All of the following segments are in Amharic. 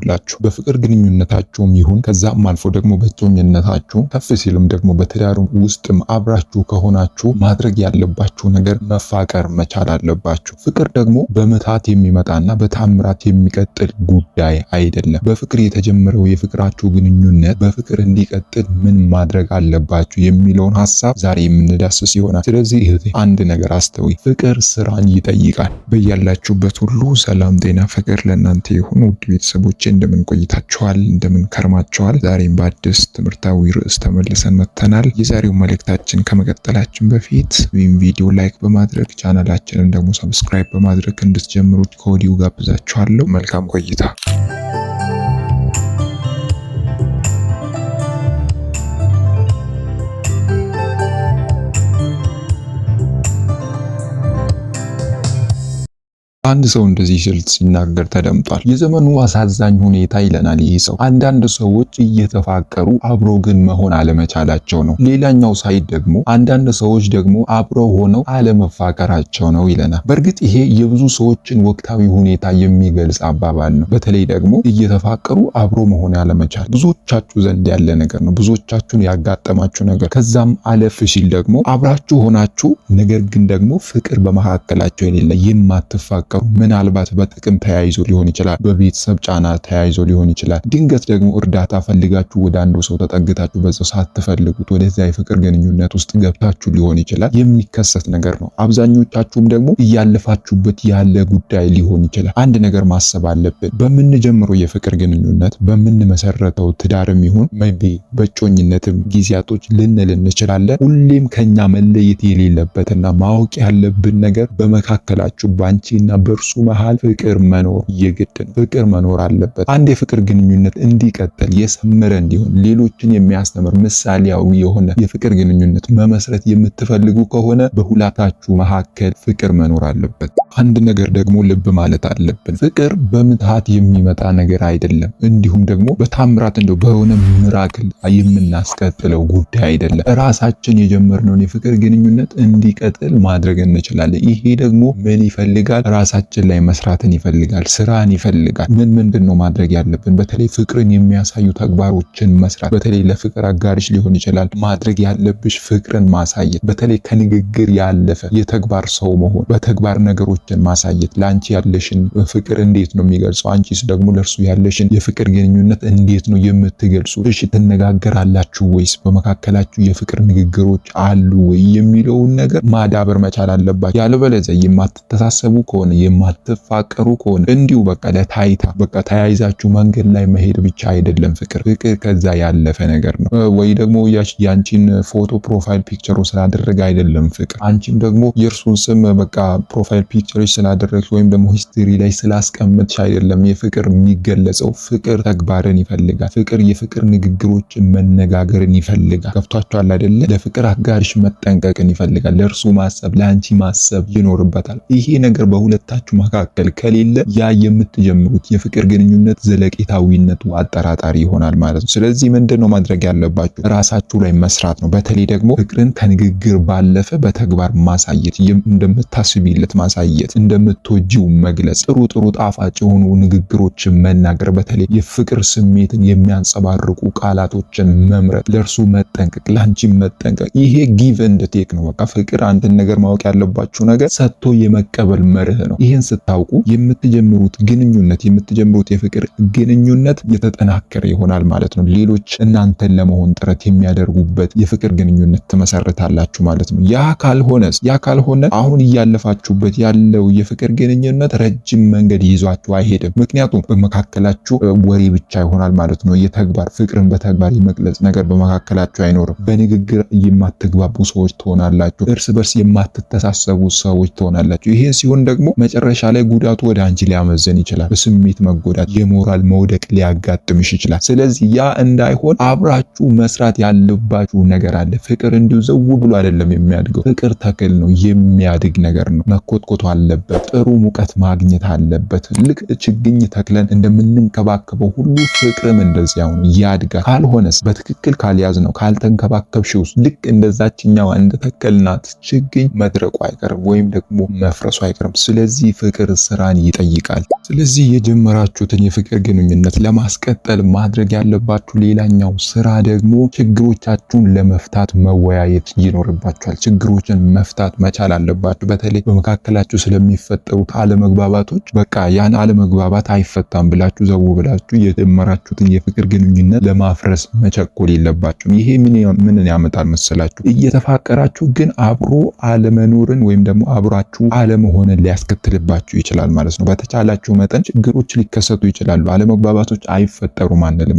ይሁንላችሁ። በፍቅር ግንኙነታችሁም ይሁን ከዛም አልፎ ደግሞ በጮኝነታችሁ ከፍ ሲልም ደግሞ በትዳሩ ውስጥም አብራችሁ ከሆናችሁ ማድረግ ያለባችሁ ነገር መፋቀር መቻል አለባችሁ። ፍቅር ደግሞ በምታት የሚመጣና በታምራት የሚቀጥል ጉዳይ አይደለም። በፍቅር የተጀመረው የፍቅራችሁ ግንኙነት በፍቅር እንዲቀጥል ምን ማድረግ አለባችሁ የሚለውን ሀሳብ ዛሬ የምንዳስስ ይሆናል። ስለዚህ እህቴ አንድ ነገር አስተውይ፣ ፍቅር ስራን ይጠይቃል። በያላችሁበት ሁሉ ሰላም፣ ጤና፣ ፍቅር ለእናንተ የሆኑ ውድ ቤተሰቦች። እንደምን ቆይታችኋል? እንደምን ከርማችኋል? ዛሬም በአዲስ ትምህርታዊ ርዕስ ተመልሰን መጥተናል። የዛሬው መልእክታችን ከመቀጠላችን በፊት ወይም ቪዲዮ ላይክ በማድረግ ቻናላችንን ደግሞ ሰብስክራይብ በማድረግ እንድትጀምሩት ከወዲሁ ጋብዛችኋለሁ። መልካም ቆይታ አንድ ሰው እንደዚህ ሲል ሲናገር ተደምጧል። የዘመኑ አሳዛኝ ሁኔታ ይለናል ይህ ሰው። አንዳንድ ሰዎች እየተፋቀሩ አብሮ ግን መሆን አለመቻላቸው ነው። ሌላኛው ሳይድ ደግሞ አንዳንድ ሰዎች ደግሞ አብረው ሆነው አለመፋቀራቸው ነው ይለናል። በእርግጥ ይሄ የብዙ ሰዎችን ወቅታዊ ሁኔታ የሚገልጽ አባባል ነው። በተለይ ደግሞ እየተፋቀሩ አብሮ መሆን አለመቻል ብዙዎቻችሁ ዘንድ ያለ ነገር ነው። ብዙዎቻችሁን ያጋጠማችሁ ነገር ከዛም አለፍ ሲል ደግሞ አብራችሁ ሆናችሁ ነገር ግን ደግሞ ፍቅር በመካከላቸው የሌለ የማትፋቀሩ የምናውቀው ምናልባት በጥቅም ተያይዞ ሊሆን ይችላል፣ በቤተሰብ ጫና ተያይዞ ሊሆን ይችላል። ድንገት ደግሞ እርዳታ ፈልጋችሁ ወደ አንዱ ሰው ተጠግታችሁ በዛው ሳትፈልጉት ወደዚያ የፍቅር ግንኙነት ውስጥ ገብታችሁ ሊሆን ይችላል። የሚከሰት ነገር ነው። አብዛኞቻችሁም ደግሞ እያለፋችሁበት ያለ ጉዳይ ሊሆን ይችላል። አንድ ነገር ማሰብ አለብን። በምንጀምረው የፍቅር ግንኙነት በምንመሰረተው ትዳርም ይሁን ቢ በእጮኝነትም ጊዜያቶች ልንል እንችላለን። ሁሌም ከኛ መለየት የሌለበትና ማወቅ ያለብን ነገር በመካከላችሁ በአንቺና በእርሱ መሃል ፍቅር መኖር የግድ ነው። ፍቅር መኖር አለበት። አንድ የፍቅር ግንኙነት እንዲቀጥል የሰመረ እንዲሆን ሌሎችን የሚያስተምር ምሳሌያዊ የሆነ የፍቅር ግንኙነት መመስረት የምትፈልጉ ከሆነ በሁለታችሁ መካከል ፍቅር መኖር አለበት። አንድ ነገር ደግሞ ልብ ማለት አለብን። ፍቅር በምትሃት የሚመጣ ነገር አይደለም። እንዲሁም ደግሞ በታምራት እንደው በሆነ ምራክል የምናስቀጥለው ጉዳይ አይደለም። ራሳችን የጀመርነውን የፍቅር ግንኙነት እንዲቀጥል ማድረግ እንችላለን። ይሄ ደግሞ ምን ይፈልጋል? ራስ ራሳችን ላይ መስራትን ይፈልጋል፣ ስራን ይፈልጋል። ምን ምንድን ነው ማድረግ ያለብን? በተለይ ፍቅርን የሚያሳዩ ተግባሮችን መስራት፣ በተለይ ለፍቅር አጋርሽ ሊሆን ይችላል። ማድረግ ያለብሽ ፍቅርን ማሳየት፣ በተለይ ከንግግር ያለፈ የተግባር ሰው መሆን፣ በተግባር ነገሮችን ማሳየት። ለአንቺ ያለሽን ፍቅር እንዴት ነው የሚገልጸው? አንቺስ ደግሞ ለእርሱ ያለሽን የፍቅር ግንኙነት እንዴት ነው የምትገልጹ? እሺ ትነጋገራላችሁ ወይስ በመካከላችሁ የፍቅር ንግግሮች አሉ ወይ የሚለውን ነገር ማዳበር መቻል አለባችሁ። ያለበለዚያ የማትተሳሰቡ ከሆነ የማትፋቀሩ ከሆነ እንዲሁ በቃ ለታይታ በቃ ተያይዛችሁ መንገድ ላይ መሄድ ብቻ አይደለም ፍቅር። ፍቅር ከዛ ያለፈ ነገር ነው። ወይ ደግሞ ያንቺን ፎቶ ፕሮፋይል ፒክቸሩ ስላደረገ አይደለም ፍቅር። አንቺም ደግሞ የእርሱን ስም በቃ ፕሮፋይል ፒክቸሮች ስላደረግሽ ወይም ደግሞ ሂስትሪ ላይ ስላስቀምጥሽ አይደለም የፍቅር የሚገለጸው። ፍቅር ተግባርን ይፈልጋል። ፍቅር የፍቅር ንግግሮችን መነጋገርን ይፈልጋል። ገብቷችኋል አይደለ? ለፍቅር አጋርሽ መጠንቀቅን ይፈልጋል። ለእርሱ ማሰብ ለአንቺ ማሰብ ይኖርበታል። ይሄ ነገር በሁለት በሁለታችሁ መካከል ከሌለ ያ የምትጀምሩት የፍቅር ግንኙነት ዘለቄታዊነቱ አጠራጣሪ ይሆናል ማለት ነው። ስለዚህ ምንድን ነው ማድረግ ያለባችሁ? ራሳችሁ ላይ መስራት ነው። በተለይ ደግሞ ፍቅርን ከንግግር ባለፈ በተግባር ማሳየት፣ እንደምታስቢለት ማሳየት፣ እንደምትወጂው መግለጽ፣ ጥሩ ጥሩ ጣፋጭ የሆኑ ንግግሮችን መናገር፣ በተለይ የፍቅር ስሜትን የሚያንጸባርቁ ቃላቶችን መምረጥ፣ ለእርሱ መጠንቀቅ፣ ለአንቺ መጠንቀቅ። ይሄ ጊቭ እንድ ቴክ ነው። በቃ ፍቅር አንድን ነገር ማወቅ ያለባችሁ ነገር ሰጥቶ የመቀበል መርህ ነው። ይህን ስታውቁ የምትጀምሩት ግንኙነት የምትጀምሩት የፍቅር ግንኙነት የተጠናከረ ይሆናል ማለት ነው። ሌሎች እናንተን ለመሆን ጥረት የሚያደርጉበት የፍቅር ግንኙነት ትመሰርታላችሁ ማለት ነው። ያ ካልሆነስ ያ ካልሆነ አሁን እያለፋችሁበት ያለው የፍቅር ግንኙነት ረጅም መንገድ ይዟችሁ አይሄድም። ምክንያቱም በመካከላችሁ ወሬ ብቻ ይሆናል ማለት ነው። የተግባር ፍቅርን በተግባር የመግለጽ ነገር በመካከላችሁ አይኖርም። በንግግር የማትግባቡ ሰዎች ትሆናላችሁ። እርስ በርስ የማትተሳሰቡ ሰዎች ትሆናላችሁ። ይሄ ሲሆን ደግሞ መጨረሻ ላይ ጉዳቱ ወደ አንቺ ሊያመዘን ይችላል። በስሜት መጎዳት፣ የሞራል መውደቅ ሊያጋጥምሽ ይችላል። ስለዚህ ያ እንዳይሆን አብራችሁ መስራት ያለባችሁ ነገር አለ። ፍቅር እንዲሁ ዘው ብሎ አይደለም የሚያድገው። ፍቅር ተክል ነው፣ የሚያድግ ነገር ነው። መኮትኮት አለበት፣ ጥሩ ሙቀት ማግኘት አለበት። ልክ ችግኝ ተክለን እንደምንንከባከበው ሁሉ ፍቅርም እንደዚያው ነው፣ ያድጋል። ካልሆነስ በትክክል ካልያዝ ነው ካልተንከባከብሽው ልክ እንደዛችኛዋ እንደተከልናት ችግኝ መድረቁ አይቀርም ወይም ደግሞ መፍረሱ አይቀርም። ስለዚህ የዚህ ፍቅር ስራን ይጠይቃል። ስለዚህ የጀመራችሁትን የፍቅር ግንኙነት ለማስቀጠል ማድረግ ያለባችሁ ሌላኛው ስራ ደግሞ ችግሮቻችሁን ለመፍታት መወያየት ይኖርባችኋል። ችግሮችን መፍታት መቻል አለባችሁ። በተለይ በመካከላችሁ ስለሚፈጠሩት አለመግባባቶች በቃ ያን አለመግባባት አይፈታም ብላችሁ ዘው ብላችሁ የጀመራችሁትን የፍቅር ግንኙነት ለማፍረስ መቸኮል የለባችሁም። ይሄ ምንን ያመጣል መሰላችሁ? እየተፋቀራችሁ ግን አብሮ አለመኖርን ወይም ደግሞ አብሯችሁ አለመሆንን ሊያስከትል ሊያስከትልባችሁ ይችላል ማለት ነው። በተቻላችሁ መጠን ችግሮች ሊከሰቱ ይችላሉ። አለመግባባቶች አይፈጠሩም አንልም።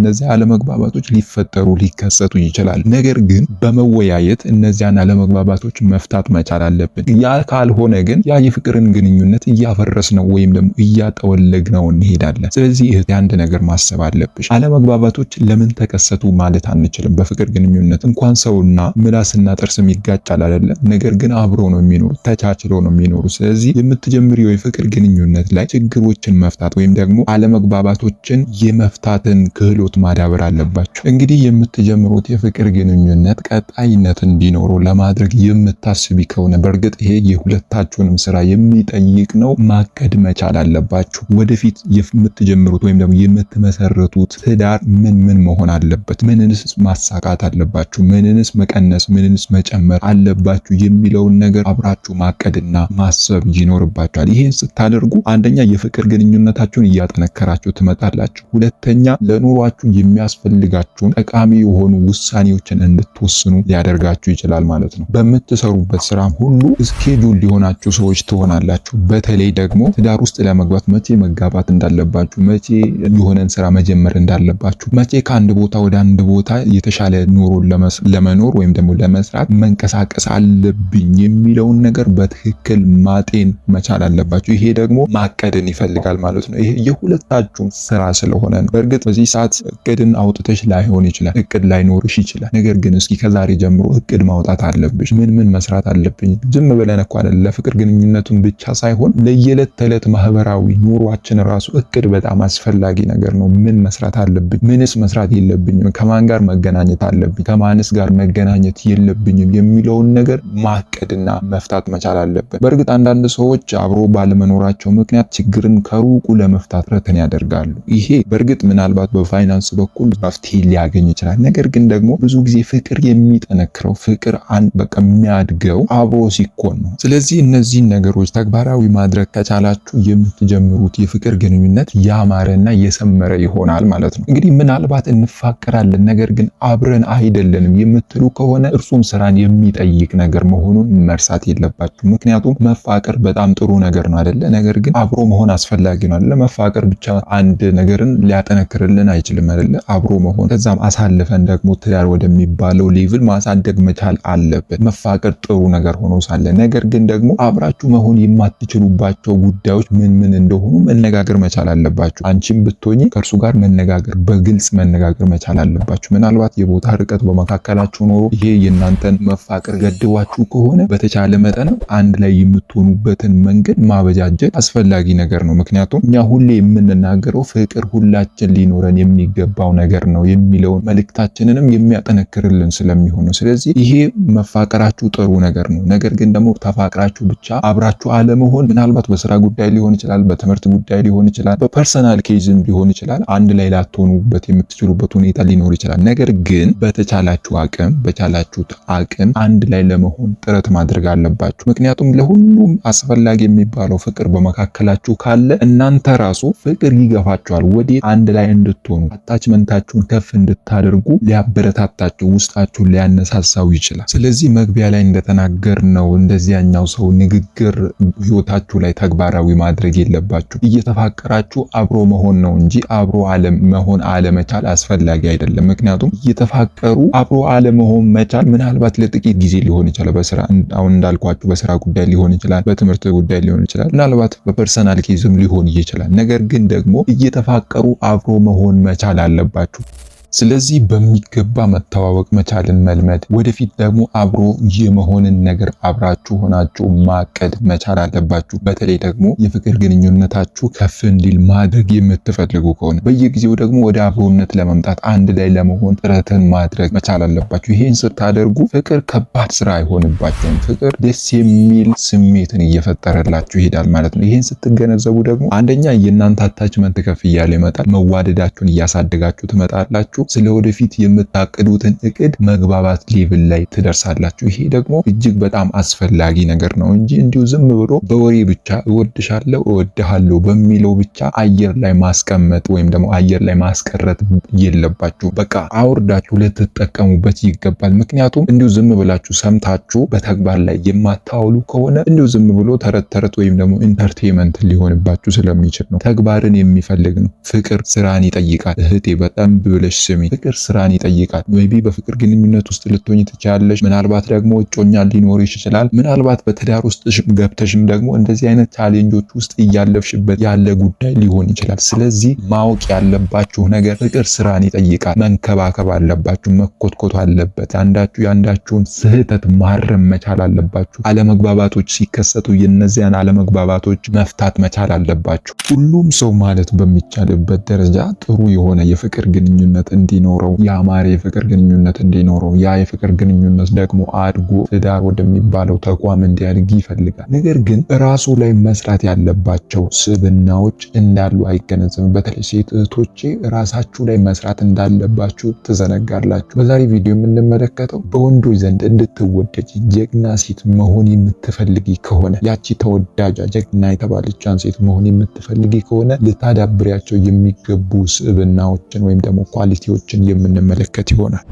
እነዚህ አለመግባባቶች ሊፈጠሩ ሊከሰቱ ይችላሉ። ነገር ግን በመወያየት እነዚያን አለመግባባቶች መፍታት መቻል አለብን። ያ ካልሆነ ግን ያ የፍቅርን ግንኙነት እያፈረስ ነው ወይም ደግሞ እያጠወለግ ነው እንሄዳለን። ስለዚህ እህት አንድ ነገር ማሰብ አለብሽ። አለመግባባቶች ለምን ተከሰቱ ማለት አንችልም። በፍቅር ግንኙነት እንኳን ሰውና ምላስና ጥርስም ይጋጫል አይደለም። ነገር ግን አብሮ ነው የሚኖሩ ተቻችሎ ነው የሚኖሩ ስለዚህ የምትጀምሪው የፍቅር ግንኙነት ላይ ችግሮችን መፍታት ወይም ደግሞ አለመግባባቶችን የመፍታትን ክህሎት ማዳበር አለባቸው። እንግዲህ የምትጀምሩት የፍቅር ግንኙነት ቀጣይነት እንዲኖረው ለማድረግ የምታስቢ ከሆነ በእርግጥ ይሄ የሁለታችሁንም ስራ የሚጠይቅ ነው። ማቀድ መቻል አለባችሁ። ወደፊት የምትጀምሩት ወይም ደግሞ የምትመሰርቱት ትዳር ምን ምን መሆን አለበት? ምንንስ ማሳካት አለባችሁ? ምንንስ መቀነስ፣ ምንንስ መጨመር አለባችሁ የሚለውን ነገር አብራችሁ ማቀድና ማሰብ ይኖር ይኖርባቸዋል። ይህን ስታደርጉ አንደኛ የፍቅር ግንኙነታችሁን እያጠነከራችሁ ትመጣላችሁ። ሁለተኛ ለኑሯችሁ የሚያስፈልጋችሁን ጠቃሚ የሆኑ ውሳኔዎችን እንድትወስኑ ሊያደርጋችሁ ይችላል ማለት ነው። በምትሰሩበት ስራም ሁሉ እስኬጁል ሊሆናችሁ ሰዎች ትሆናላችሁ። በተለይ ደግሞ ትዳር ውስጥ ለመግባት መቼ መጋባት እንዳለባችሁ፣ መቼ የሆነን ስራ መጀመር እንዳለባችሁ፣ መቼ ከአንድ ቦታ ወደ አንድ ቦታ የተሻለ ኑሮን ለመኖር ወይም ደግሞ ለመስራት መንቀሳቀስ አለብኝ የሚለውን ነገር በትክክል ማጤን መቻል አለባቸው ይሄ ደግሞ ማቀድን ይፈልጋል ማለት ነው። ይሄ የሁለታችሁም ስራ ስለሆነ ነው። በእርግጥ በዚህ ሰዓት እቅድን አውጥተሽ ላይሆን ይችላል፣ እቅድ ላይኖርሽ ይችላል። ነገር ግን እስኪ ከዛሬ ጀምሮ እቅድ ማውጣት አለብሽ። ምን ምን መስራት አለብኝ? ዝም ብለን እኮ ለፍቅር ግንኙነቱን ብቻ ሳይሆን ለየዕለት ተዕለት ማህበራዊ ኑሯችን ራሱ እቅድ በጣም አስፈላጊ ነገር ነው። ምን መስራት አለብኝ? ምንስ መስራት የለብኝም? ከማን ጋር መገናኘት አለብኝ? ከማንስ ጋር መገናኘት የለብኝም? የሚለውን ነገር ማቀድና መፍታት መቻል አለብን። በእርግጥ አንዳንድ ሰው ሰዎች አብሮ ባለመኖራቸው ምክንያት ችግርን ከሩቁ ለመፍታት ጥረትን ያደርጋሉ። ይሄ በእርግጥ ምናልባት በፋይናንስ በኩል መፍትሄ ሊያገኝ ይችላል። ነገር ግን ደግሞ ብዙ ጊዜ ፍቅር የሚጠነክረው ፍቅር አንድ በቃ የሚያድገው አብሮ ሲኮን ነው። ስለዚህ እነዚህን ነገሮች ተግባራዊ ማድረግ ከቻላችሁ የምትጀምሩት የፍቅር ግንኙነት ያማረና የሰመረ ይሆናል ማለት ነው። እንግዲህ ምናልባት እንፋቀራለን ነገር ግን አብረን አይደለንም የምትሉ ከሆነ እርሱም ስራን የሚጠይቅ ነገር መሆኑን መርሳት የለባችሁ። ምክንያቱም መፋቀር በጣም ጥሩ ነገር ነው አይደለ? ነገር ግን አብሮ መሆን አስፈላጊ ነው አይደለ? መፋቀር ብቻ አንድ ነገርን ሊያጠነክርልን አይችልም አይደለ? አብሮ መሆን ከዛም አሳልፈን ደግሞ ትዳር ወደሚባለው ሌቭል ማሳደግ መቻል አለበት መፋቀር ጥሩ ነገር ሆኖ ሳለ ነገር ግን ደግሞ አብራችሁ መሆን የማትችሉባቸው ጉዳዮች ምን ምን እንደሆኑ መነጋገር መቻል አለባችሁ። አንቺም ብትሆኚ ከእርሱ ጋር መነጋገር፣ በግልጽ መነጋገር መቻል አለባችሁ። ምናልባት የቦታ ርቀት በመካከላችሁ ኖሮ ይሄ የእናንተን መፋቀር ገድቧችሁ ከሆነ በተቻለ መጠንም አንድ ላይ የምትሆኑበት የሚሄድበትን መንገድ ማበጃጀት አስፈላጊ ነገር ነው። ምክንያቱም እኛ ሁሌ የምንናገረው ፍቅር ሁላችን ሊኖረን የሚገባው ነገር ነው የሚለውን መልእክታችንንም የሚያጠነክርልን ስለሚሆን ነው። ስለዚህ ይሄ መፋቀራችሁ ጥሩ ነገር ነው። ነገር ግን ደግሞ ተፋቅራችሁ ብቻ አብራችሁ አለመሆን ምናልባት በስራ ጉዳይ ሊሆን ይችላል፣ በትምህርት ጉዳይ ሊሆን ይችላል፣ በፐርሰናል ኬዝም ሊሆን ይችላል። አንድ ላይ ላትሆኑበት የምትችሉበት ሁኔታ ሊኖር ይችላል። ነገር ግን በተቻላችሁ አቅም በቻላችሁት አቅም አንድ ላይ ለመሆን ጥረት ማድረግ አለባችሁ። ምክንያቱም ለሁሉም አስፈ አስፈላጊ የሚባለው ፍቅር በመካከላችሁ ካለ እናንተ ራሱ ፍቅር ይገፋችኋል። ወዴት አንድ ላይ እንድትሆኑ አታችመንታችሁን ከፍ እንድታደርጉ ሊያበረታታችሁ፣ ውስጣችሁን ሊያነሳሳው ይችላል። ስለዚህ መግቢያ ላይ እንደተናገር ነው እንደዚያኛው ሰው ንግግር ህይወታችሁ ላይ ተግባራዊ ማድረግ የለባችሁ። እየተፋቀራችሁ አብሮ መሆን ነው እንጂ አብሮ አለም መሆን አለመቻል አስፈላጊ አይደለም። ምክንያቱም እየተፋቀሩ አብሮ አለመሆን መቻል ምናልባት ለጥቂት ጊዜ ሊሆን ይችላል። በስራ አሁን እንዳልኳችሁ በስራ ጉዳይ ሊሆን ይችላል በትምህርት በትምህርት ጉዳይ ሊሆን ይችላል፣ ምናልባት በፐርሰናል ኬዝም ሊሆን ይችላል። ነገር ግን ደግሞ እየተፋቀሩ አብሮ መሆን መቻል አለባችሁ። ስለዚህ በሚገባ መተዋወቅ መቻልን መልመድ፣ ወደፊት ደግሞ አብሮ የመሆንን ነገር አብራችሁ ሆናችሁ ማቀድ መቻል አለባችሁ። በተለይ ደግሞ የፍቅር ግንኙነታችሁ ከፍ እንዲል ማድረግ የምትፈልጉ ከሆነ በየጊዜው ደግሞ ወደ አብሮነት ለመምጣት አንድ ላይ ለመሆን ጥረትን ማድረግ መቻል አለባችሁ። ይህን ስታደርጉ ፍቅር ከባድ ስራ አይሆንባችሁም። ፍቅር ደስ የሚል ስሜትን እየፈጠረላችሁ ይሄዳል ማለት ነው። ይህን ስትገነዘቡ ደግሞ አንደኛ የእናንተ አታችመንት ከፍ እያለ ይመጣል። መዋደዳችሁን እያሳደጋችሁ ትመጣላችሁ። ስለወደፊት የምታቅዱትን እቅድ መግባባት ሌቭል ላይ ትደርሳላችሁ። ይሄ ደግሞ እጅግ በጣም አስፈላጊ ነገር ነው እንጂ እንዲሁ ዝም ብሎ በወሬ ብቻ እወድሻለሁ፣ እወድሃለሁ በሚለው ብቻ አየር ላይ ማስቀመጥ ወይም ደግሞ አየር ላይ ማስቀረት የለባችሁ። በቃ አውርዳችሁ ልትጠቀሙበት ይገባል። ምክንያቱም እንዲሁ ዝም ብላችሁ ሰምታችሁ በተግባር ላይ የማታውሉ ከሆነ እንዲሁ ዝም ብሎ ተረት ተረት ወይም ደግሞ ኢንተርቴንመንት ሊሆንባችሁ ስለሚችል ነው። ተግባርን የሚፈልግ ነው። ፍቅር ስራን ይጠይቃል። እህቴ በጣም ብለሽ ጀሚ፣ ፍቅር ስራን ይጠይቃል። ሜይ በፍቅር ግንኙነት ውስጥ ልትሆኝ ትችላለሽ። ምናልባት ደግሞ እጮኛ ሊኖርሽ ይችላል። ምናልባት በትዳር ውስጥ ገብተሽም ደግሞ እንደዚህ አይነት ቻሌንጆች ውስጥ እያለፍሽበት ያለ ጉዳይ ሊሆን ይችላል። ስለዚህ ማወቅ ያለባችሁ ነገር ፍቅር ስራን ይጠይቃል። መንከባከብ አለባችሁ። መኮትኮት አለበት። አንዳችሁ የአንዳችሁን ስህተት ማረም መቻል አለባችሁ። አለመግባባቶች ሲከሰቱ የነዚያን አለመግባባቶች መፍታት መቻል አለባችሁ። ሁሉም ሰው ማለት በሚቻልበት ደረጃ ጥሩ የሆነ የፍቅር ግንኙነት እንዲኖረው ያማረ የፍቅር ግንኙነት እንዲኖረው ያ የፍቅር ግንኙነት ደግሞ አድጎ ትዳር ወደሚባለው ተቋም እንዲያድግ ይፈልጋል። ነገር ግን ራሱ ላይ መስራት ያለባቸው ስብናዎች እንዳሉ አይገነዘብም። በተለይ ሴት እህቶቼ ራሳችሁ ላይ መስራት እንዳለባችሁ ትዘነጋላችሁ። በዛሬ ቪዲዮ የምንመለከተው በወንዶች ዘንድ እንድትወደጅ ጀግና ሴት መሆን የምትፈልጊ ከሆነ ያቺ ተወዳጃ ጀግና የተባለቻን ሴት መሆን የምትፈልጊ ከሆነ ልታዳብሪያቸው የሚገቡ ስብናዎችን ወይም ደግሞ ኳሊቲ ዩኒቨርሲቲዎችን የምንመለከት ይሆናል።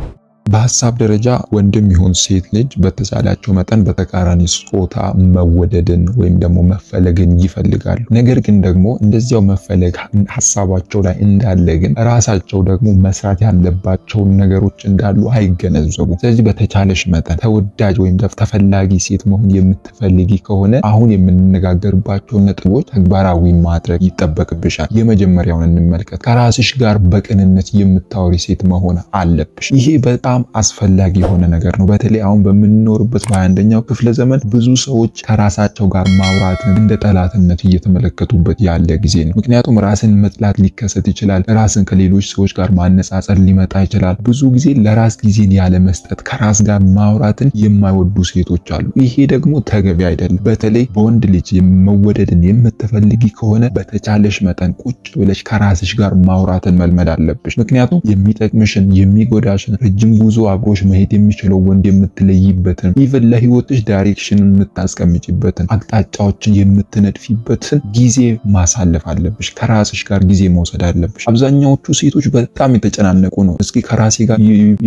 በሀሳብ ደረጃ ወንድም ይሁን ሴት ልጅ በተቻላቸው መጠን በተቃራኒ ጾታ መወደድን ወይም ደግሞ መፈለግን ይፈልጋሉ። ነገር ግን ደግሞ እንደዚያው መፈለግ ሀሳባቸው ላይ እንዳለ ግን ራሳቸው ደግሞ መስራት ያለባቸውን ነገሮች እንዳሉ አይገነዘቡም። ስለዚህ በተቻለሽ መጠን ተወዳጅ ወይም ተፈላጊ ሴት መሆን የምትፈልጊ ከሆነ አሁን የምንነጋገርባቸውን ነጥቦች ተግባራዊ ማድረግ ይጠበቅብሻል። የመጀመሪያውን እንመልከት። ከራስሽ ጋር በቅንነት የምታወሪ ሴት መሆን አለብሽ። ይሄ በጣም በጣም አስፈላጊ የሆነ ነገር ነው። በተለይ አሁን በምንኖርበት በአንደኛው ክፍለ ዘመን ብዙ ሰዎች ከራሳቸው ጋር ማውራትን እንደ ጠላትነት እየተመለከቱበት ያለ ጊዜ ነው። ምክንያቱም ራስን መጥላት ሊከሰት ይችላል። ራስን ከሌሎች ሰዎች ጋር ማነጻጸር ሊመጣ ይችላል። ብዙ ጊዜ ለራስ ጊዜን ያለ መስጠት ከራስ ጋር ማውራትን የማይወዱ ሴቶች አሉ። ይሄ ደግሞ ተገቢ አይደለም። በተለይ በወንድ ልጅ መወደድን የምትፈልጊ ከሆነ በተቻለሽ መጠን ቁጭ ብለሽ ከራስሽ ጋር ማውራትን መልመድ አለብሽ። ምክንያቱም የሚጠቅምሽን የሚጎዳሽን ረጅም ብዙ አብሮሽ መሄድ የሚችለው ወንድ የምትለይበትን ኢቨን ለህይወትሽ ዳይሬክሽን የምታስቀምጭበትን አቅጣጫዎችን የምትነድፊበትን ጊዜ ማሳለፍ አለብሽ። ከራስሽ ጋር ጊዜ መውሰድ አለብሽ። አብዛኛዎቹ ሴቶች በጣም የተጨናነቁ ነው። እስኪ ከራሴ ጋር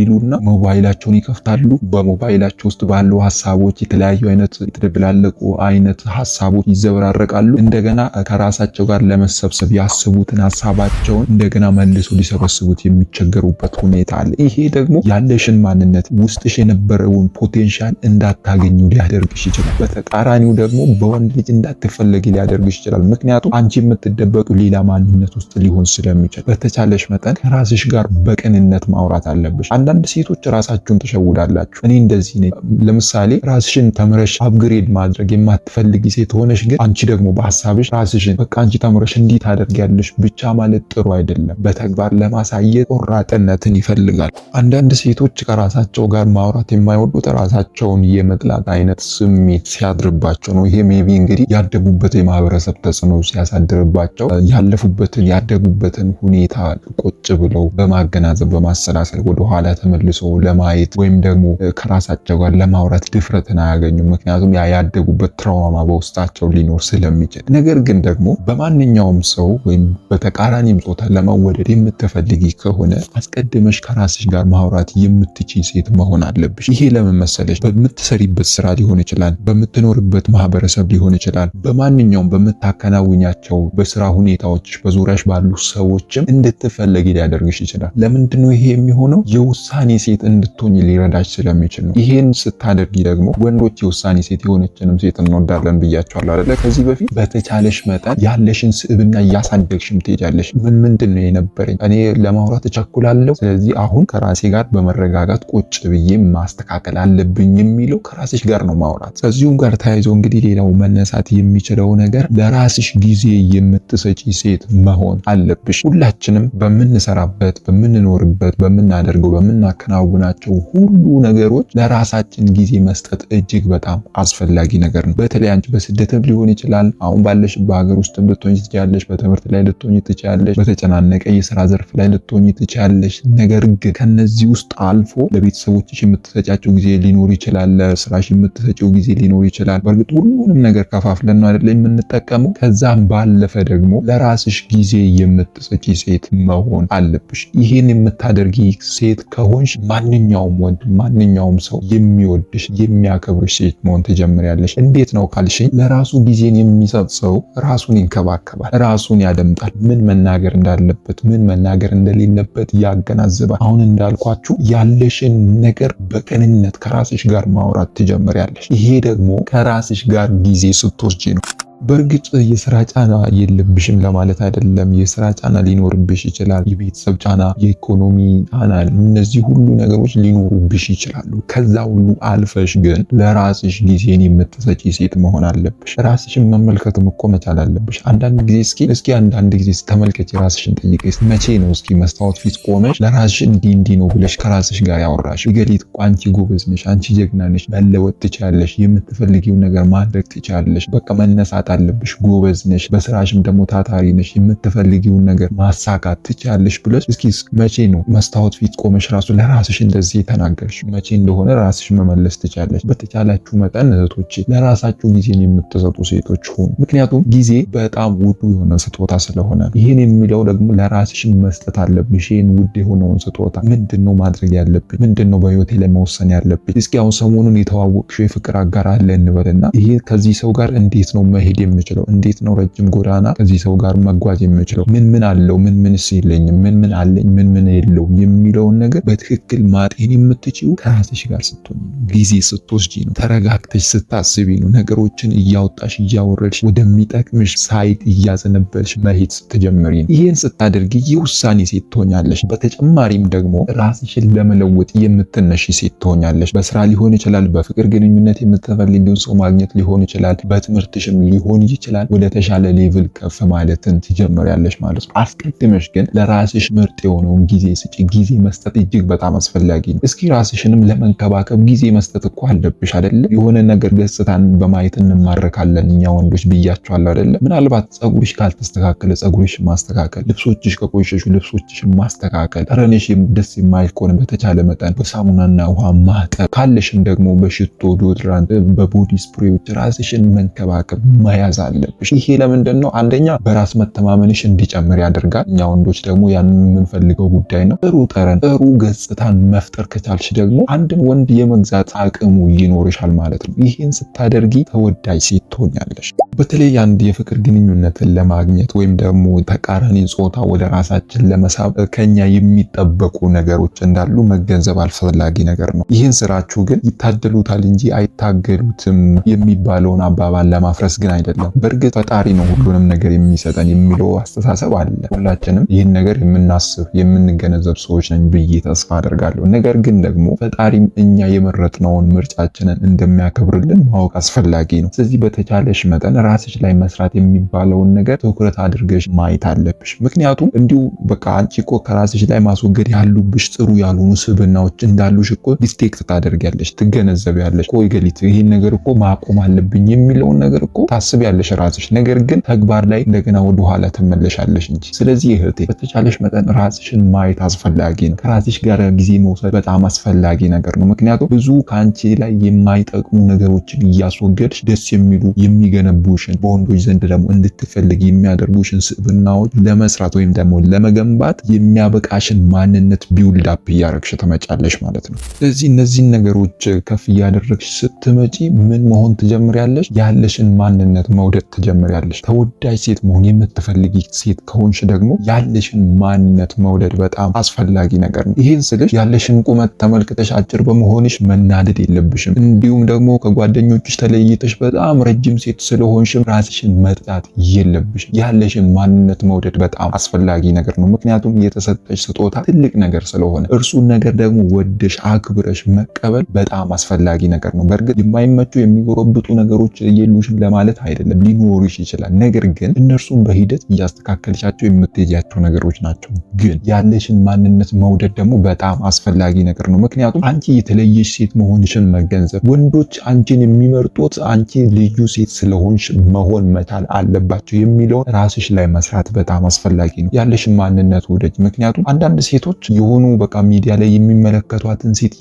ይሉና ሞባይላቸውን ይከፍታሉ። በሞባይላቸው ውስጥ ባለው ሀሳቦች የተለያዩ አይነት የተደብላለቁ አይነት ሀሳቦች ይዘበራረቃሉ። እንደገና ከራሳቸው ጋር ለመሰብሰብ ያስቡትን ሀሳባቸውን እንደገና መልሶ ሊሰበስቡት የሚቸገሩበት ሁኔታ አለ። ይሄ ደግሞ ያለ ባለሽን ማንነት ውስጥሽ የነበረውን ፖቴንሻል እንዳታገኙ ሊያደርግሽ ይችላል። በተቃራኒው ደግሞ በወንድ ልጅ እንዳትፈለጊ ሊያደርግሽ ይችላል። ምክንያቱም አንቺ የምትደበቅ ሌላ ማንነት ውስጥ ሊሆን ስለሚችል በተቻለሽ መጠን ከራስሽ ጋር በቅንነት ማውራት አለብሽ። አንዳንድ ሴቶች ራሳችሁን ተሸውዳላችሁ። እኔ እንደዚህ ነኝ። ለምሳሌ ራስሽን ተምረሽ አፕግሬድ ማድረግ የማትፈልጊ ሴት ሆነሽ ግን አንቺ ደግሞ በሀሳብሽ ራስሽን በቃ አንቺ ተምረሽ እንዲህ ታደርጊያለሽ ብቻ ማለት ጥሩ አይደለም። በተግባር ለማሳየት ቆራጥነትን ይፈልጋል። አንዳንድ ሴ ሴቶች ከራሳቸው ጋር ማውራት የማይወዱት ራሳቸውን የመጥላት አይነት ስሜት ሲያድርባቸው ነው። ይሄ ሜቢ እንግዲህ ያደጉበት የማህበረሰብ ተጽዕኖ ሲያሳድርባቸው ያለፉበትን ያደጉበትን ሁኔታ ቁጭ ብለው በማገናዘብ በማሰላሰል ወደኋላ ተመልሶ ለማየት ወይም ደግሞ ከራሳቸው ጋር ለማውራት ድፍረትን አያገኙም። ምክንያቱም ያ ያደጉበት ትራውማ በውስጣቸው ሊኖር ስለሚችል። ነገር ግን ደግሞ በማንኛውም ሰው ወይም በተቃራኒም ጾታ ለመወደድ የምትፈልጊ ከሆነ አስቀድመሽ ከራስሽ ጋር ማውራት የምትችኝ ሴት መሆን አለብሽ። ይሄ ለምን መሰለሽ? በምትሰሪበት ስራ ሊሆን ይችላል፣ በምትኖርበት ማህበረሰብ ሊሆን ይችላል፣ በማንኛውም በምታከናውኛቸው በስራ ሁኔታዎች፣ በዙሪያሽ ባሉ ሰዎችም እንድትፈለጊ ሊያደርግሽ ይችላል። ለምንድነው ይሄ የሚሆነው? የውሳኔ ሴት እንድትሆኝ ሊረዳሽ ስለሚችል ነው። ይሄን ስታደርጊ ደግሞ ወንዶች የውሳኔ ሴት የሆነችንም ሴት እንወዳለን ብያቸዋል አይደለ? ከዚህ በፊት በተቻለሽ መጠን ያለሽን ስዕብና እያሳደግሽም ትሄጃለሽ። ምን ምንድን ነው የነበረኝ እኔ ለማውራት እቸኩላለሁ፣ ስለዚህ አሁን ከራሴ ጋር በመ መረጋጋት፣ ቁጭ ብዬ ማስተካከል አለብኝ የሚለው ከራስሽ ጋር ነው ማውራት። ከዚሁም ጋር ተያይዞ እንግዲህ ሌላው መነሳት የሚችለው ነገር ለራስሽ ጊዜ የምትሰጪ ሴት መሆን አለብሽ። ሁላችንም በምንሰራበት፣ በምንኖርበት፣ በምናደርገው፣ በምናከናውናቸው ሁሉ ነገሮች ለራሳችን ጊዜ መስጠት እጅግ በጣም አስፈላጊ ነገር ነው። በተለይ አንቺ በስደትም ሊሆን ይችላል። አሁን ባለሽ በሀገር ውስጥም ልትሆኝ ትችያለሽ። በትምህርት ላይ ልትሆኝ ትችያለሽ። በተጨናነቀ የስራ ዘርፍ ላይ ልትሆኝ ትችያለሽ። ነገር ግን ከነዚህ ውስጥ አልፎ ለቤተሰቦችሽ የምትሰጫቸው ጊዜ ሊኖር ይችላል። ለስራሽ የምትሰጪው ጊዜ ሊኖር ይችላል። በእርግጥ ሁሉንም ነገር ከፋፍለን ነው አይደለ የምንጠቀመው። ከዛም ባለፈ ደግሞ ለራስሽ ጊዜ የምትሰጪ ሴት መሆን አለብሽ። ይህን የምታደርጊ ሴት ከሆንሽ ማንኛውም ወንድ ማንኛውም ሰው የሚወድሽ የሚያከብርሽ ሴት መሆን ትጀምሪያለሽ። እንዴት ነው ካልሽኝ ለራሱ ጊዜን የሚሰጥ ሰው ራሱን ይንከባከባል፣ ራሱን ያደምጣል፣ ምን መናገር እንዳለበት ምን መናገር እንደሌለበት ያገናዝባል። አሁን እንዳልኳችሁ ያለሽን ነገር በቅንነት ከራስሽ ጋር ማውራት ትጀምሪያለሽ። ይሄ ደግሞ ከራስሽ ጋር ጊዜ ስትወስጂ ነው። በእርግጥ የስራ ጫና የለብሽም ለማለት አይደለም። የስራ ጫና ሊኖርብሽ ይችላል። የቤተሰብ ጫና፣ የኢኮኖሚ ጫና፣ እነዚህ ሁሉ ነገሮች ሊኖሩብሽ ይችላሉ። ከዛ ሁሉ አልፈሽ ግን ለራስሽ ጊዜን የምትሰጪ ሴት መሆን አለብሽ። ራስሽን መመልከትም እኮ መቻል አለብሽ። አንዳንድ ጊዜ እስኪ እስኪ አንዳንድ ጊዜ ተመልከች፣ ራስሽን ጠይቀ። መቼ ነው እስኪ መስታወት ፊት ቆመሽ ለራስሽ እንዲ እንዲ ነው ብለሽ ከራስሽ ጋር ያወራሽ? ገሊት እኮ አንቺ ጎበዝ ነሽ፣ አንቺ ጀግና ነሽ፣ መለወጥ ትችላለሽ፣ የምትፈልጊውን ነገር ማድረግ ትችላለሽ፣ በቃ መነሳት መብቃት አለብሽ። ጎበዝ ነሽ፣ በስራሽም ደግሞ ታታሪ ነሽ፣ የምትፈልጊውን ነገር ማሳካት ትችያለሽ ብለሽ እስኪ መቼ ነው መስታወት ፊት ቆመሽ ራሱ ለራስሽ እንደዚህ የተናገርሽ? መቼ እንደሆነ ራስሽ መመለስ ትችያለሽ። በተቻላችሁ መጠን እህቶች ለራሳችሁ ጊዜን የምትሰጡ ሴቶች ሆኑ። ምክንያቱም ጊዜ በጣም ውዱ የሆነ ስጦታ ስለሆነ ይህን የሚለው ደግሞ ለራስሽ መስጠት አለብሽ። ይህን ውድ የሆነውን ስጦታ ምንድን ነው ማድረግ ያለብኝ? ምንድን ነው በህይወቴ ለመወሰን ያለብኝ? እስኪ አሁን ሰሞኑን የተዋወቅሽው የፍቅር አጋር አለ እንበልና ይሄ ከዚህ ሰው ጋር እንዴት ነው መሄድ መሄድ የምችለው? እንዴት ነው ረጅም ጎዳና ከዚህ ሰው ጋር መጓዝ የምችለው? ምን ምን አለው? ምን ምንስ የለኝም? ምን ምን አለኝ? ምን ምን የለው? የሚለውን ነገር በትክክል ማጤን የምትችው ከራስሽ ጋር ስትሆኝ ጊዜ ስትወስጂ ነው፣ ተረጋግተሽ ስታስቢ ነው። ነገሮችን እያወጣሽ እያወረድሽ ወደሚጠቅምሽ ሳይት እያዘነበልሽ መሄድ ስትጀምሪ ነው። ይህን ስታደርጊ የውሳኔ ሴት ትሆኛለሽ። በተጨማሪም ደግሞ ራስሽን ለመለወጥ የምትነሽ ሴት ትሆኛለሽ። በስራ ሊሆን ይችላል፣ በፍቅር ግንኙነት የምትፈልጊውን ሰው ማግኘት ሊሆን ይችላል፣ በትምህርትሽም ሊሆን ሊሆን ይችላል ወደ ተሻለ ሌቭል ከፍ ማለትን ትጀምሪያለሽ ማለት ነው። አስቀድመሽ ግን ለራስሽ ምርጥ የሆነውን ጊዜ ስጪ። ጊዜ መስጠት እጅግ በጣም አስፈላጊ ነው። እስኪ ራስሽንም ለመንከባከብ ጊዜ መስጠት እኮ አለብሽ አይደለም የሆነ ነገር ገጽታን በማየት እንማረካለን እኛ ወንዶች ብያቸዋለሁ አይደለ? ምናልባት ጸጉርሽ ካልተስተካከለ ጸጉርሽ ማስተካከል፣ ልብሶችሽ ከቆሸሹ ልብሶችሽ ማስተካከል፣ ጠረንሽ ደስ የማይል ከሆነ በተቻለ መጠን በሳሙናና ውሃ ማጠብ፣ ካለሽም ደግሞ በሽቶ ዶድራንት፣ በቦዲ ስፕሬዎች ራስሽን መንከባከብ መያዝ አለብሽ። ይሄ ለምንድን ነው? አንደኛ በራስ መተማመንሽ እንዲጨምር ያደርጋል። እኛ ወንዶች ደግሞ ያንን የምንፈልገው ጉዳይ ነው። ጥሩ ጠረን፣ ጥሩ ገጽታን መፍጠር ከቻልሽ ደግሞ አንድን ወንድ የመግዛት አቅሙ ይኖርሻል ማለት ነው። ይህን ስታደርጊ ተወዳጅ ሴት ትሆኛለሽ። በተለይ አንድ የፍቅር ግንኙነትን ለማግኘት ወይም ደግሞ ተቃራኒ ጾታ ወደ ራሳችን ለመሳብ ከኛ የሚጠበቁ ነገሮች እንዳሉ መገንዘብ አልፈላጊ ነገር ነው። ይህን ስራችሁ ግን ይታደሉታል እንጂ አይታገሉትም የሚባለውን አባባል ለማፍረስ ግን አይደለም። በእርግጥ ፈጣሪ ነው ሁሉንም ነገር የሚሰጠን የሚለው አስተሳሰብ አለ። ሁላችንም ይህን ነገር የምናስብ የምንገነዘብ ሰዎች ነኝ ብዬ ተስፋ አደርጋለሁ። ነገር ግን ደግሞ ፈጣሪም እኛ የመረጥነውን ምርጫችንን እንደሚያከብርልን ማወቅ አስፈላጊ ነው። ስለዚህ በተቻለሽ መጠን ራስሽ ላይ መስራት የሚባለውን ነገር ትኩረት አድርገሽ ማየት አለብሽ። ምክንያቱም እንዲሁ በቃ አንቺ እኮ ከራስሽ ላይ ማስወገድ ያሉብሽ ጥሩ ያልሆኑ ስብናዎች እንዳሉሽ እኮ ዲስቴክት ታደርጊያለሽ፣ ትገነዘቢያለሽ። እኮ ይገሊት ይህን ነገር እኮ ማቆም አለብኝ የሚለውን ነገር እኮ ታስብ ታስቢያለሽ ራስሽ፣ ነገር ግን ተግባር ላይ እንደገና ወደኋላ ትመለሻለሽ እንጂ። ስለዚህ እህቴ በተቻለሽ መጠን ራስሽን ማየት አስፈላጊ ነው። ከራስሽ ጋር ጊዜ መውሰድ በጣም አስፈላጊ ነገር ነው። ምክንያቱም ብዙ ከአንቺ ላይ የማይጠቅሙ ነገሮችን እያስወገድሽ ደስ የሚሉ የሚገነቡሽን፣ በወንዶች ዘንድ ደግሞ እንድትፈልግ የሚያደርጉሽን ስብናዎች ለመስራት ወይም ደግሞ ለመገንባት የሚያበቃሽን ማንነት ቢውልድ አፕ እያደረግሽ ትመጫለሽ ማለት ነው። ስለዚህ እነዚህን ነገሮች ከፍ እያደረግሽ ስትመጪ ምን መሆን ትጀምሪያለሽ? ያለሽን ማንነት ምክንያት መውደድ ትጀምሪያለሽ። ተወዳጅ ሴት መሆን የምትፈልጊ ሴት ከሆንሽ ደግሞ ያለሽን ማንነት መውደድ በጣም አስፈላጊ ነገር ነው። ይህን ስልሽ ያለሽን ቁመት ተመልክተሽ አጭር በመሆንሽ መናደድ የለብሽም። እንዲሁም ደግሞ ከጓደኞችሽ ተለይተሽ በጣም ረጅም ሴት ስለሆንሽም ራስሽን መጥላት የለብሽም። ያለሽን ማንነት መውደድ በጣም አስፈላጊ ነገር ነው። ምክንያቱም የተሰጠሽ ስጦታ ትልቅ ነገር ስለሆነ እርሱን ነገር ደግሞ ወደሽ አክብረሽ መቀበል በጣም አስፈላጊ ነገር ነው። በእርግጥ የማይመቹ የሚጎረብጡ ነገሮች የሉሽም ለማለት አይ አይደለም፣ ሊኖሩሽ ይችላል። ነገር ግን እነርሱን በሂደት እያስተካከልሻቸው የምትሄጃቸው ነገሮች ናቸው። ግን ያለሽን ማንነት መውደድ ደግሞ በጣም አስፈላጊ ነገር ነው። ምክንያቱም አንቺ የተለየሽ ሴት መሆንሽን መገንዘብ፣ ወንዶች አንቺን የሚመርጡት አንቺ ልዩ ሴት ስለሆንሽ መሆን መቻል አለባቸው የሚለውን ራስሽ ላይ መስራት በጣም አስፈላጊ ነው። ያለሽን ማንነት ውደጅ። ምክንያቱም አንዳንድ ሴቶች የሆኑ በቃ ሚዲያ ላይ የሚመለከቷትን ሴት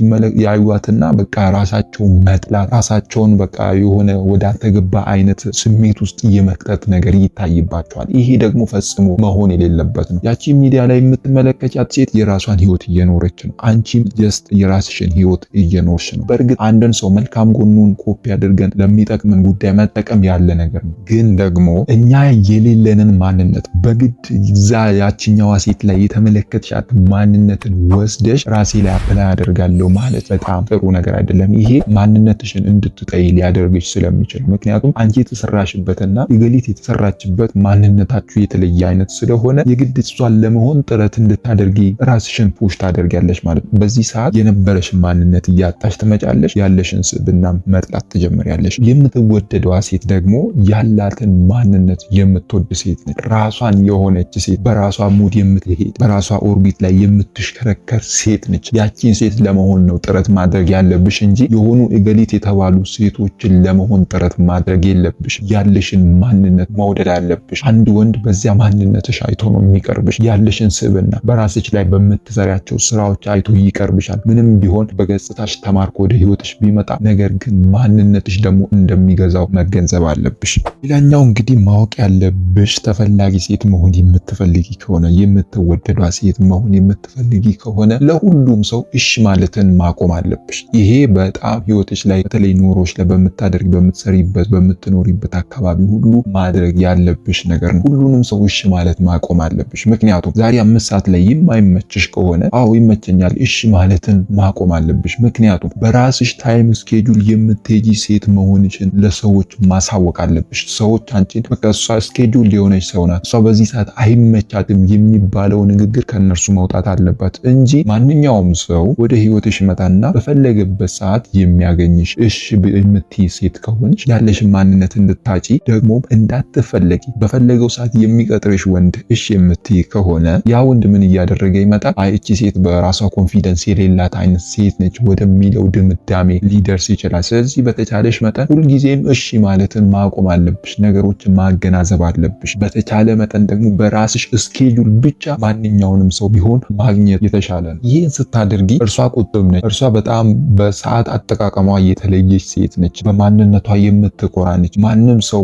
ያዩዋትና በቃ ራሳቸውን መጥላት ራሳቸውን በቃ የሆነ ወዳልተገባ አይነት ስሜት ውስጥ የመቅጠት ነገር ይታይባቸዋል። ይሄ ደግሞ ፈጽሞ መሆን የሌለበት ነው። ያቺ ሚዲያ ላይ የምትመለከቻት ሴት የራሷን ህይወት እየኖረች ነው። አንቺም ጀስት የራስሽን ህይወት እየኖርሽ ነው። በእርግጥ አንድን ሰው መልካም ጎኑን ኮፒ አድርገን ለሚጠቅምን ጉዳይ መጠቀም ያለ ነገር ነው። ግን ደግሞ እኛ የሌለንን ማንነት በግድ ዛ ያችኛዋ ሴት ላይ የተመለከትሻት ማንነትን ወስደሽ ራሴ ላይ አፕላይ አደርጋለሁ ማለት በጣም ጥሩ ነገር አይደለም። ይሄ ማንነትሽን እንድትጠይ ሊያደርግሽ ስለሚችል ምክንያቱም አንቺ የተሰራሽበትና የገሊት የተሰራችበት ማንነታችሁ የተለየ አይነት ስለሆነ የግድ እሷን ለመሆን ጥረት እንድታደርጊ ራስሽን ፑሽ ታደርጊያለሽ ማለት ነው። በዚህ ሰዓት የነበረሽን ማንነት እያጣሽ ትመጫለሽ። ያለሽን ስብና መጥላት ትጀምሪያለሽ። የምትወደደዋ ሴት ደግሞ ያላትን ማንነት የምትወድ ሴት ነች። ራሷን የሆነች ሴት፣ በራሷ ሙድ የምትሄድ በራሷ ኦርቢት ላይ የምትሽከረከር ሴት ነች። ያቺን ሴት ለመሆን ነው ጥረት ማድረግ ያለብሽ እንጂ የሆኑ እገሊት የተባሉ ሴቶችን ለመሆን ጥረት ማድረግ የለብሽ። አለብሽ። ያለሽን ማንነት መውደድ አለብሽ። አንድ ወንድ በዚያ ማንነትሽ አይቶ ነው የሚቀርብሽ። ያለሽን ስብና በራስሽ ላይ በምትሰሪያቸው ስራዎች አይቶ ይቀርብሻል። ምንም ቢሆን በገጽታሽ ተማርኮ ወደ ህይወትሽ ቢመጣ፣ ነገር ግን ማንነትሽ ደግሞ እንደሚገዛው መገንዘብ አለብሽ። ሌላኛው እንግዲህ ማወቅ ያለብሽ ተፈላጊ ሴት መሆን የምትፈልጊ ከሆነ የምትወደዷ ሴት መሆን የምትፈልጊ ከሆነ ለሁሉም ሰው እሽ ማለትን ማቆም አለብሽ። ይሄ በጣም ህይወትሽ ላይ በተለይ ኑሮች ላይ በምታደርግ በምትሰሪበት በምትኖሪበት ባለሽበት አካባቢ ሁሉ ማድረግ ያለብሽ ነገር ነው። ሁሉንም ሰው እሺ ማለት ማቆም አለብሽ። ምክንያቱም ዛሬ አምስት ሰዓት ላይ የማይመችሽ ከሆነ አዎ ይመቸኛል እሺ ማለትን ማቆም አለብሽ። ምክንያቱም በራስሽ ታይም ስኬጁል የምትሄጂ ሴት መሆንሽን ለሰዎች ማሳወቅ አለብሽ። ሰዎች አንቺን በቃ እሷ ስኬጁል የሆነች ሰው ናት፣ እሷ በዚህ ሰዓት አይመቻትም የሚባለው ንግግር ከእነርሱ መውጣት አለባት እንጂ ማንኛውም ሰው ወደ ህይወትሽ ይመጣና በፈለገበት ሰዓት የሚያገኝሽ እሺ የምትይ ሴት ከሆንሽ ያለሽን ማንነት እንድታጪ ደግሞም እንዳትፈለጊ በፈለገው ሰዓት የሚቀጥርሽ ወንድ እሺ የምትይ ከሆነ ያ ወንድ ምን እያደረገ ይመጣል? አይ እቺ ሴት በራሷ ኮንፊደንስ የሌላት አይነት ሴት ነች ወደሚለው ድምዳሜ ሊደርስ ይችላል። ስለዚህ በተቻለሽ መጠን ሁልጊዜም እሺ ማለትን ማቆም አለብሽ። ነገሮችን ማገናዘብ አለብሽ። በተቻለ መጠን ደግሞ በራስሽ እስኬጁል ብቻ ማንኛውንም ሰው ቢሆን ማግኘት የተሻለ ነው። ይህን ስታደርጊ እርሷ ቁጥብ ነች። እርሷ በጣም በሰዓት አጠቃቀሟ የተለየች ሴት ነች። በማንነቷ የምትኮራ ነች። ማንም ሰው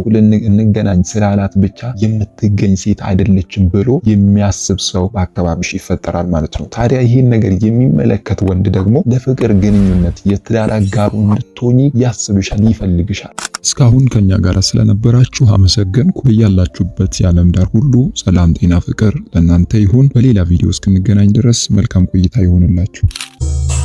እንገናኝ ስላላት ብቻ የምትገኝ ሴት አይደለችም ብሎ የሚያስብ ሰው በአካባቢሽ ይፈጠራል ማለት ነው። ታዲያ ይህን ነገር የሚመለከት ወንድ ደግሞ ለፍቅር ግንኙነት የትዳር አጋሩ እንድትሆኚ ያስብሻል፣ ይፈልግሻል። እስካሁን ከኛ ጋር ስለነበራችሁ አመሰገንኩ። በያላችሁበት የዓለም ዳር ሁሉ ሰላም፣ ጤና፣ ፍቅር ለእናንተ ይሁን። በሌላ ቪዲዮ እስክንገናኝ ድረስ መልካም ቆይታ ይሆንላችሁ።